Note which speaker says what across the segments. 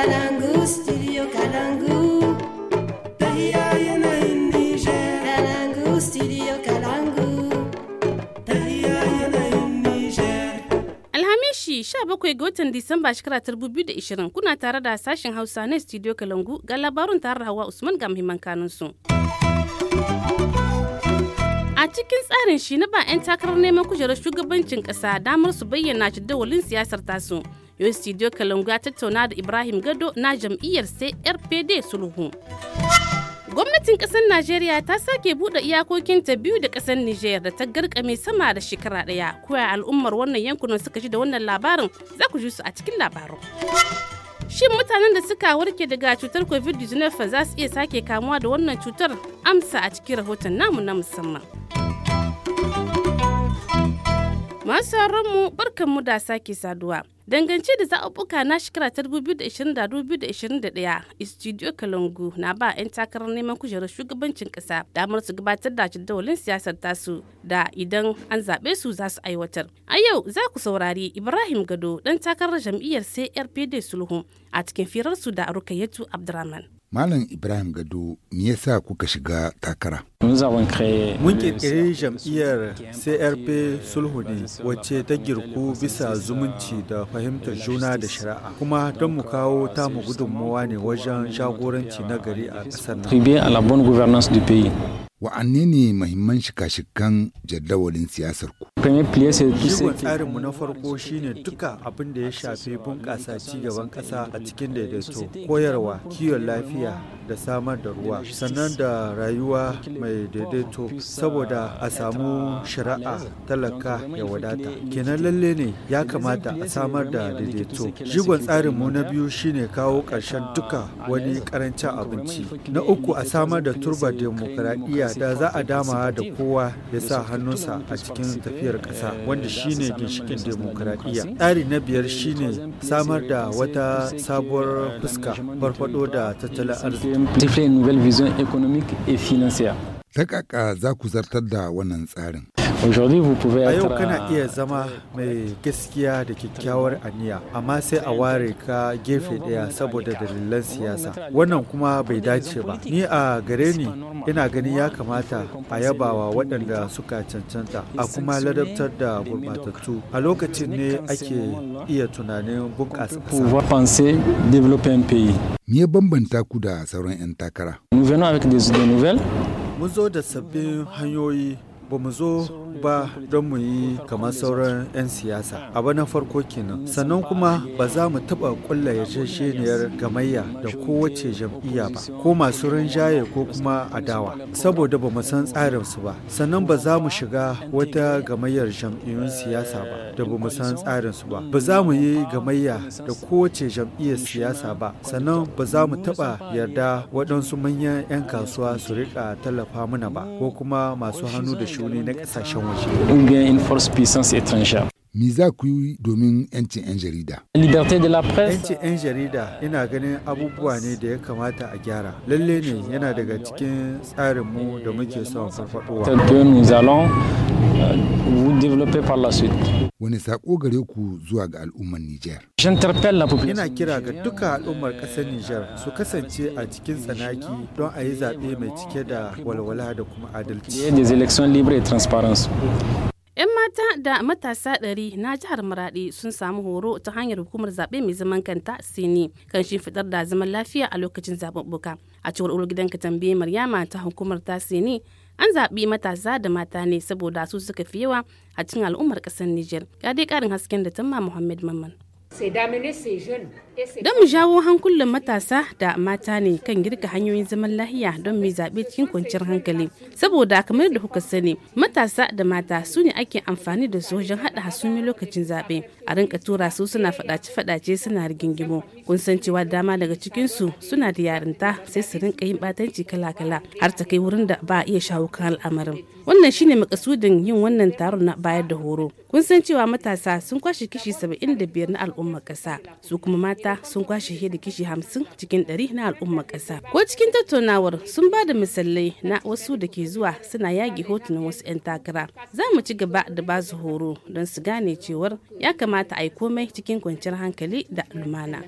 Speaker 1: Kalangu, studio Kalangu.
Speaker 2: Tahia Kalangu, studio Kalangu. 17 ga watan Disamba shekara 2020 kuna tare da sashen Hausa na studio Kalangu ga labarun tare da Hawa Usman ga muhimman kanunsu. A cikin tsarin shi na ba 'yan takarar neman kujerar shugabancin ƙasa damar su bayyana jadawalin siyasar tasu. Yun studio Kalunga tattauna da Ibrahim Gado na jam'iyyar CRPD Sulhu. Gwamnatin kasar Najeriya ta sake buɗe ta biyu da kasar Nijar da ta garkame sama da shekara ɗaya. kuwa al'ummar wannan yankunan suka ji da wannan labarin za ku ji su a cikin labarin. Shin mutanen da suka warke daga cutar COVID-19 za su iya sake kamuwa da wannan cutar amsa a cikin rahoton namu na musamman. Masu mu barkanmu da sake saduwa. Dangance da zaɓuɓɓuka na shekara ta 2020-2021, Studio Kalangu na ba 'yan takarar neman kujerar shugabancin ƙasa damar su gabatar da jadawalin siyasar tasu da idan an zaɓe su za su aiwatar. A yau za ku saurari Ibrahim Gado ɗan takarar jam'iyyar CRPD Sulhu a cikin firarsu da Rukayyatu abdulrahman.
Speaker 3: Malam Ibrahim Gado, me yasa kuka shiga takara? Mun kirkiri
Speaker 4: eh, jam'iyyar CRP Sulhu ne wacce ta girku bisa zumunci da fahimtar juna da shari'a kuma don mu kawo ta tamu gudunmawa ne wajen jagoranci na gari a ƙasar
Speaker 3: nan. wa'anne ne mahimman shika-shikan jadawalin siyasar ku? Jigon
Speaker 4: tsarinmu na farko shine duka abin da ya shafi bunƙasa gaban ƙasa a cikin daidaito, koyarwa, kiwon lafiya da samar da ruwa, sannan da rayuwa mai daidaito saboda a samu shari'a talaka ya wadata. Kenan lalle ne ya kamata a samar da daidaito. Jigon tsarinmu na biyu shine kawo ƙarshen duka wani ƙarancin abinci. Na uku a samar da turba demokaradiyya da za a dama da kowa ya sa hannunsa a cikin tafiyar ƙasa wanda shine ginshikin demokuraɗiyya tsari na biyar shine samar da wata sabuwar fuska farfado da tattalin arziki
Speaker 3: ta kaka za ku zartar da wannan tsarin A yau kana euh, iya
Speaker 4: zama mai gaskiya da kyakkyawar aniya, amma sai a ware ka gefe ɗaya saboda dalilan siyasa. Wannan kuma bai dace ba. Ni a gare ni ina ganin ya kamata a yabawa waɗanda suka cancanta, a kuma ladabtar da gurɓatattu. A lokacin ne ake iya tunanin bunƙasa
Speaker 3: Me ya bambanta ku da sauran 'yan takara? Mun
Speaker 4: zo da sabbin hanyoyi Bomazor, ba don mu yi kamar sauran 'yan siyasa abu na farko kenan sannan kuma ba za mu taɓa ƙulla yarjejeniyar gamayya da kowace jam'iyya ba ko masu rinjaye ko kuma adawa saboda ba mu san tsarin su ba sannan ba za mu shiga wata gamayyar jam'iyyun siyasa ba da ba mu san tsarin su ba ba za mu yi gamayya da kowace jam'iyyar siyasa ba sannan ba za mu taba yarda waɗansu manyan 'yan kasuwa su riƙa tallafa mana ba ko kuma masu hannu da shuni na ƙasashen kasashen waje.
Speaker 3: Ungayen Me za ku yi domin 'yancin 'yan jarida? Liberté
Speaker 4: de la presse. 'Yancin 'yan jarida yana ganin abubuwa ne da ya kamata a gyara. Lalle ne yana
Speaker 3: daga cikin tsarinmu da muke son farfadowa. développer par la suite. Wani sako gare ku zuwa ga al'ummar Nijar. Yana
Speaker 4: kira ga duka al'ummar ƙasar Nijar su kasance a cikin tsanaki don a yi zaɓe mai cike da walwala da kuma adalci. Des élections
Speaker 3: libres et transparence.
Speaker 2: 'Yan mata da matasa ɗari na jihar Maraɗi sun samu horo ta hanyar hukumar zaɓe mai zaman kanta Sini kan shi fitar da zaman lafiya a lokacin zaɓuɓɓuka. A cewar gidan ka tambaye Maryama ta hukumar ta Sini an zaɓi matasa da mata ne saboda su suka fi yawa a cikin al'ummar ƙasar Nijar. Ga dai ƙarin hasken da Tamma Muhammad Mamman. Don mu jawo hankulan matasa da mata ne kan girka hanyoyin zaman lahiya don mai zaɓe cikin kwanciyar hankali. Saboda kamar da kuka sani, matasa da mata su ne ake amfani da su wajen haɗa hasumi lokacin zaɓe. A rinka tura su suna faɗace-faɗace suna rigingimo. Kun san cewa dama daga cikinsu suna da yarinta sai su rinka yin ɓatanci kala-kala har ta kai wurin da ba a iya shawo kan al'amarin. wannan shine makasudin yin wannan taron na bayar da horo kun san cewa matasa sun kwashe kishi 75 na al'ummar kasa su kuma mata sun kwashe fiye da kishi 50 cikin 100 na al'ummar kasa ko cikin tattaunawar sun ba da misalai na wasu da ke zuwa suna yagi hotunan wasu 'yan takara za mu ci gaba da ba su horo don su gane cewar ya kamata a yi komai cikin kwanciyar hankali da lumana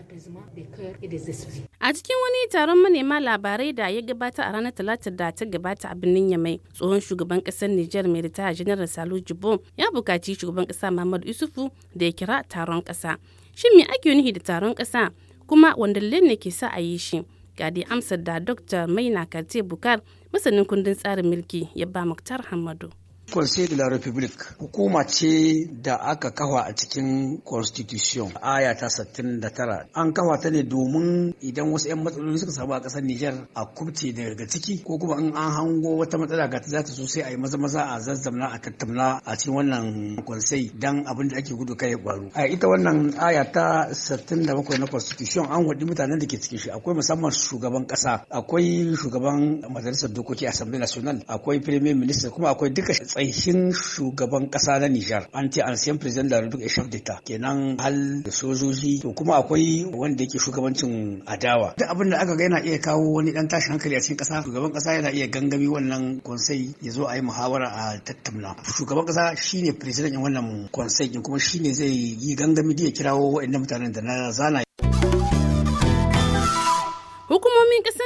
Speaker 2: a cikin wani taron manema labarai da ya gabata a ranar talatar da ta gabata a birnin yamai tsohon shugaban kasar Nijar mai ritaya janar Salu Jibo ya bukaci shugaban kasa Muhammadu Yusufu da ya kira taron kasa. Shin me ake nufi da taron kasa kuma wanda ne ke sa a yi shi? Ga dai amsar da Dr. Maina Karte Bukar masanin kundin tsarin mulki ya ba Muktar Hamadu.
Speaker 1: Conseil de la République hukuma ce da aka kawa a cikin Constitution aya ta 69 an kawa ta ne domin idan wasu 'yan matsaloli suka samu a ƙasar Nijar a kubce daga ciki ko kuma in an hango wata matsala ga za zata so sai a yi maza maza a zazzamna a tattamna a cikin wannan Conseil dan abin da ake gudu kai gwaro A ita wannan aya ta 67 na Constitution an wadi mutanen da ke cikin shi akwai musamman shugaban ƙasa akwai shugaban majalisar dokoki Assembly National akwai Premier Minister kuma akwai duka matsayin shugaban kasa na Nijar an ce ancien president da la chef d'État kenan hal da sojoji to kuma akwai wanda yake shugabancin adawa duk abin da aka ga yana iya kawo wani dan tashin hankali a cikin kasa, shugaban kasa yana iya gangami wannan konsai ya zo a yi muhawara a tattauna shugaban kasa shine president wannan konsai kuma shine zai yi gangami da ya kirawo waɗannan mutanen da na zana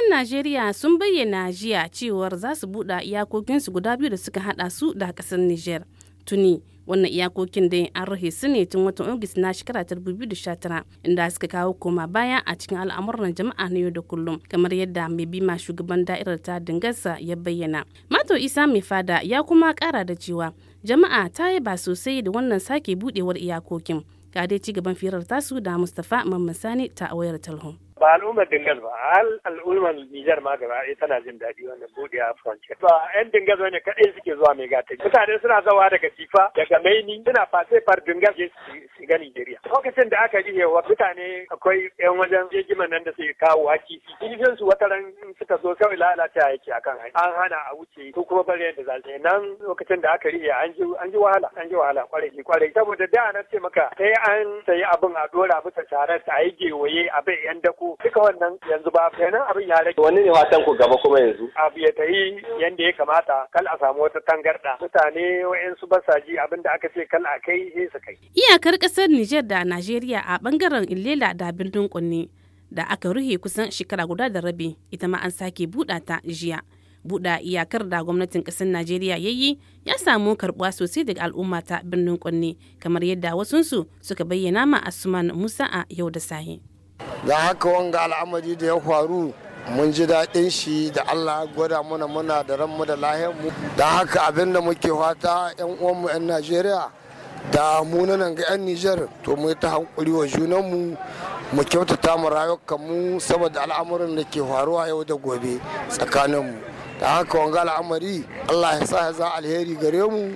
Speaker 2: najeriya sun bayyana jiya cewar za su buɗe iyakokinsu guda biyu da suka haɗa su da ƙasar niger tuni wannan iyakokin da an rahe su ne tun watan ogis na shekara ta 2019 inda suka kawo koma baya a cikin al'amuran jama'a na yau da kullum kamar yadda mai bima shugaban da'irar ta dingarsa ya bayyana mato isa mai fada ya kuma kara da cewa jama'a ta yi ba sosai da wannan sake buɗewar iyakokin ga dai ci gaban firar tasu da mustapha mamman sani ta wayar talhon
Speaker 4: ba al'ummar dingas ba al'ummar Nijar ma gaba ɗaya tana jin daɗi wannan buɗe a frontier ba yan dingas ne kaɗai suke zuwa mai gata mutane suna zawa daga jifa daga maini suna fase far dingas su ga Nijeriya lokacin da aka rihe wa mutane akwai yan wajen jejiman nan da suke kawo haki jirgin su ran suka zo kawai lalata yake akan hanya an hana a wuce ko kuma bari yadda za su nan lokacin da aka iya an ji an ji wahala an ji wahala kwarai kwarai saboda da na ce maka sai an sayi abin a dora bisa tarar a yi gewaye a bai yan dako farko wannan yanzu ba nan abin ya rage wani ne watan ku gaba kuma yanzu abu ya tayi yanda ya kamata kal a samu wata tangarɗa. mutane sa ji abin da aka ce kal a kai sai su kai
Speaker 2: iyakar kasar Niger da Najeriya a ɓangaren Ilela da Bindin Kunne da aka ruhe kusan shekara guda da rabi ita ma an sake buɗa ta jiya buɗa iyakar da gwamnatin ƙasar Najeriya ya yi ya samu karɓuwa sosai daga al'umma ta birnin kunne kamar yadda wasunsu suka bayyana ma Asuman Musa a yau da sahi.
Speaker 3: da haka wanga al'amari da ya faru mun ji daɗin shi da allah gwada mana muna da ranmu da lahiyarmu da haka abin da muke fata 'yan uwanmu 'yan najeriya da mu nan ga 'yan nijar to mu ta hankuri wa junanmu mu mu kyautata mu mu saboda al'amuran da ke faruwa yau da gobe tsakanin mu. da haka wanga al'amari allah ya sa za alheri gare mu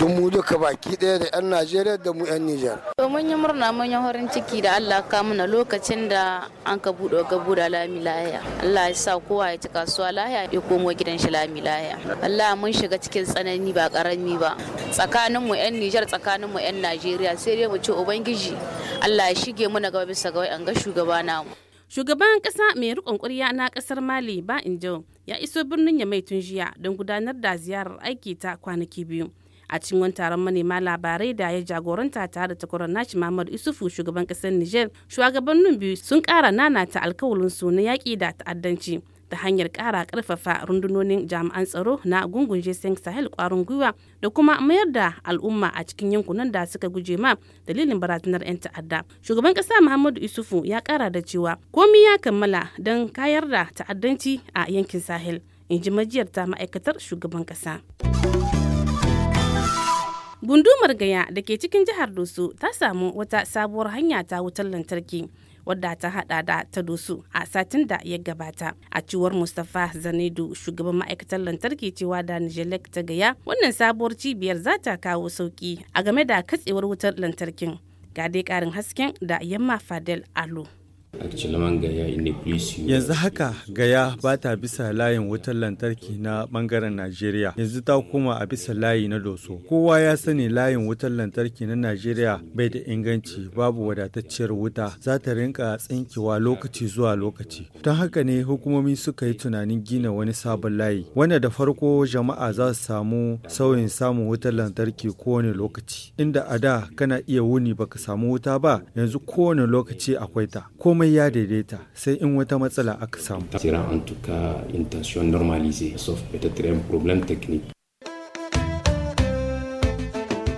Speaker 3: don mu duka baki ɗaya da 'yan najeriya da mu 'yan nijar
Speaker 2: to mun yi murna mun yi horin ciki da allah ka mana lokacin da an ka buɗe gabu da lami lahiya allah ya sa kowa ya ci kasuwa lahiya ya komo gidan shi lami lahiya allah mun shiga cikin tsanani ba karami ba tsakanin mu 'yan nijar tsakanin mu 'yan najeriya sai dai mu ce ubangiji allah ya shige muna gaba bisa ga wa'yan ga shugaba namu shugaban kasa mai rikon ƙwarya na kasar mali ba in injo ya iso birnin ya mai tun jiya don gudanar da ziyarar aiki ta kwanaki biyu a cikin taron manema labarai da ya jagoranta tare da takwarar nashi Muhammadu Isufu shugaban kasar Niger shugabannin biyu sun kara ta alkawalin su na yaƙi da ta'addanci ta hanyar kara karfafa rundunonin jami'an tsaro na gungun jason sahel kwarin gwiwa da kuma mayar da al'umma a cikin yankunan da suka guje ma dalilin barazanar 'yan ta'adda shugaban kasa muhammadu isufu ya kara da cewa komi ya kammala don kayar da ta'addanci a yankin sahel in ji majiyar ta ma'aikatar shugaban kasa. gundumar gaya da ke cikin jihar doso ta samu wata sabuwar hanya ta wutar lantarki wadda ta hada da ta dosu a satin da ya gabata a ciwar mustapha zanidu shugaban ma'aikatar lantarki cewa da nijelek ta gaya wannan sabuwar cibiyar za ta kawo sauki a game da katsewar wutar lantarkin ga dai karin hasken da yamma fadel alo
Speaker 4: Yanzu haka gaya ba ta bisa layin wutar lantarki na bangaren Najeriya, yanzu ta koma a bisa layi na doso. Kowa ya sani layin wutar lantarki na Najeriya bai da inganci babu wadatacciyar wuta za ta rinka tsinkewa lokaci zuwa lokaci. Don haka ne hukumomi suka yi tunanin gina wani sabon layi, wanda da farko jama'a za su samu sauyin samun wutar lantarki kowane lokaci. Inda a da kana iya wuni baka samu wuta ba, yanzu kowane lokaci akwai ta. komai ya daidaita sai in wata matsala aka samu.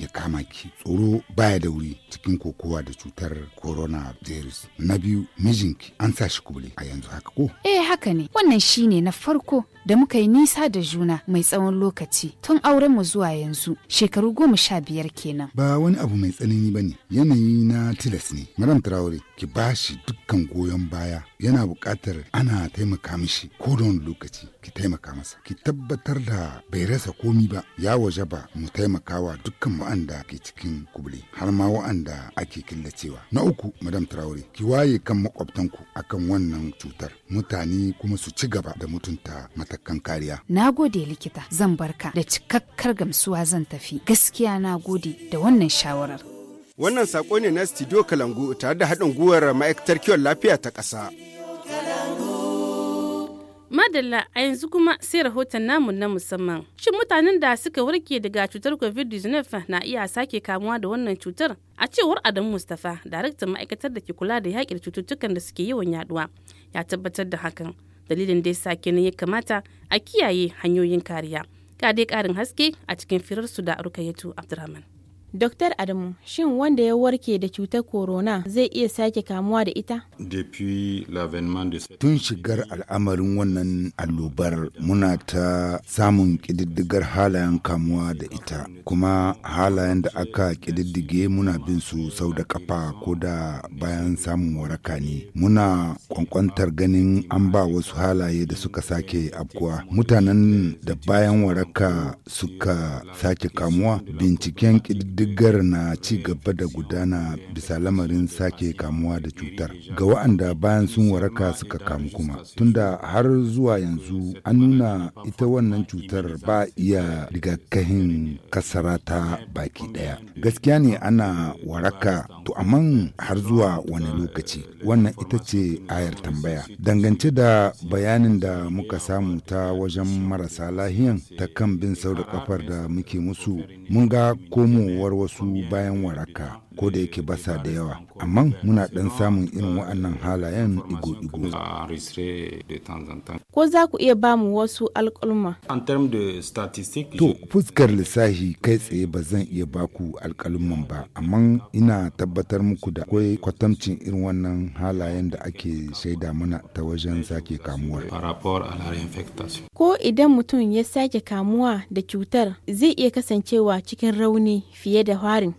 Speaker 3: ya kama ki tsoro baya da wuri cikin kokowa da cutar corona virus, na biyu mijinki an sa shi kubule a yanzu
Speaker 2: haka ko eh haka ne wannan shine na farko da muka yi nisa da juna mai tsawon lokaci tun auren mu zuwa yanzu shekaru goma sha biyar kenan.
Speaker 3: Ba wani abu mai tsanani bane yanayi na tilas ne. Madam Traore ki bashi dukkan goyon baya yana buƙatar ana taimaka mishi ko da wani lokaci ki taimaka masa ki tabbatar da bai rasa komi ba ya waje ba mu taimakawa dukkan wa'anda ke cikin kubule har ma wa'anda ake killacewa na uku madam traore ki waye kan makwabtanku akan wannan cutar mutane kuma su ci gaba da mutunta mata cikakken kariya.
Speaker 2: Na gode likita zan barka da cikakkar gamsuwa zan tafi. Gaskiya na gode da wannan shawarar.
Speaker 3: Wannan sako ne na Studio Kalangu tare da haɗin gwiwar ma'aikatar kiwon lafiya ta ƙasa.
Speaker 2: Madalla a yanzu kuma sai rahoton namu na musamman. Shin mutanen da suka warke daga cutar COVID-19 na iya sake kamuwa da wannan cutar? A cewar Adamu Mustapha, daraktan ma'aikatar da ke kula da yaƙin cututtukan da suke yawan yaduwa, ya tabbatar da hakan. dalilin da sa kenan ya kamata a kiyaye hanyoyin kariya ga dai karin haske a cikin firarsu da rukayetu abdurrahman dr Adamu, shin wanda ya warke da cutar corona zai iya sake kamuwa da ita?
Speaker 3: Tun shigar al'amarin wannan allobar muna ta samun ƙididdigar halayen kamuwa da ita, kuma halayen da aka ƙididdige muna bin su sau da kafa ko da bayan samun waraka ne. Muna kwankwantar ganin an ba wasu halaye da suka sake abkuwa. Mutanen da bayan waraka suka sake kamuwa, binciken ƙididdigar ƙididdigar na ci gaba da gudana bisa lamarin sake kamuwa da cutar ga wa'anda bayan sun waraka suka kamu kuma tunda har zuwa yanzu an nuna ita wannan cutar ba iya rigakahin kasara ta baki daya gaskiya ne ana waraka To amma har zuwa wani lokaci wannan ita ce ayar tambaya. Dangance da bayanin da muka samu ta wajen marasa lahiyan ta kan bin sau da kafar da muke musu mun ga komowar wasu bayan waraka ko da yake basa da yawa amma muna dan samun irin waɗannan halayen igo-igo.
Speaker 2: ko za ku iya ba mu wasu alƙalma
Speaker 3: to fuskar lissahi kai tsaye ba zan iya baku alƙalman ba amma ina tabbatar muku da akwai kwatamcin irin wannan halayen da ake shaida mana ta wajen sake kamuwar
Speaker 2: ko idan mutum ya sake kamuwa da cutar zai iya kasancewa cikin rauni fiye da harin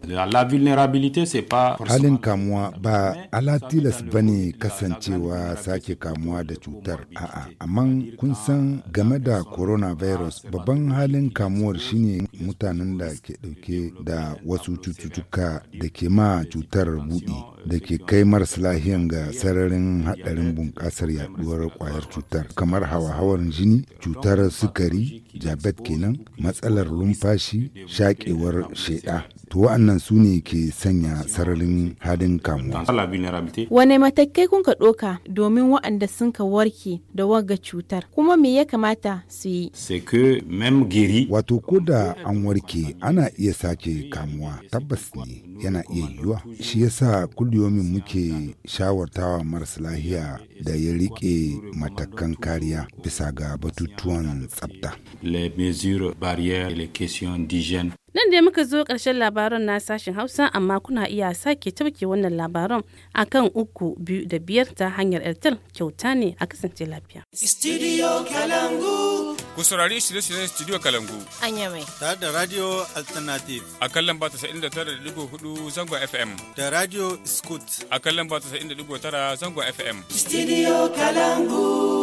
Speaker 3: halin kamuwa ba ala tilas ba ne kasancewa sake kamuwa da cutar a'a amma kun san game da coronavirus babban halin kamuwar shine mutanen da ke dauke da wasu cututtuka da ke ma cutar buɗi da ke kai marasa lahiyan ga sararin haɗarin bunƙasar yaɗuwar kwayar cutar kamar hawa hawar jini cutar sukari jabet kenan matsalar lumfashi shaƙewar sheda to wa'annan su ne ke sanya sararin halin kamuwa.
Speaker 2: Wane matakai kun ka ɗoka domin wa'anda sun ka warke da waga cutar kuma me ya kamata su yi?
Speaker 3: Wato ko da an warke ana iya sake kamuwa tabbas ne yana iya yiwuwa. Shi yasa kulliyomin muke shawartawa marasa lahiya da ya riƙe matakan kariya bisa ga batutuwan tsafta. Les mesures barrières
Speaker 4: les questions
Speaker 3: d'hygiène
Speaker 2: Nan dai muka zo ƙarshen labaran na sashen Hausa amma kuna iya sake tafke wannan labaran akan uku biyu da biyar ta hanyar Airtel kyauta ne a kasance lafiya.
Speaker 3: Studio Kalangu.
Speaker 4: Ku saurari shirye-shiryen Studio Kalangu. Anya mai. Tare da Radio Alternative. A kan lamba hudu zangon FM. Da Radio Scoot. A kan lamba tara zangon FM. Studio Kalangu.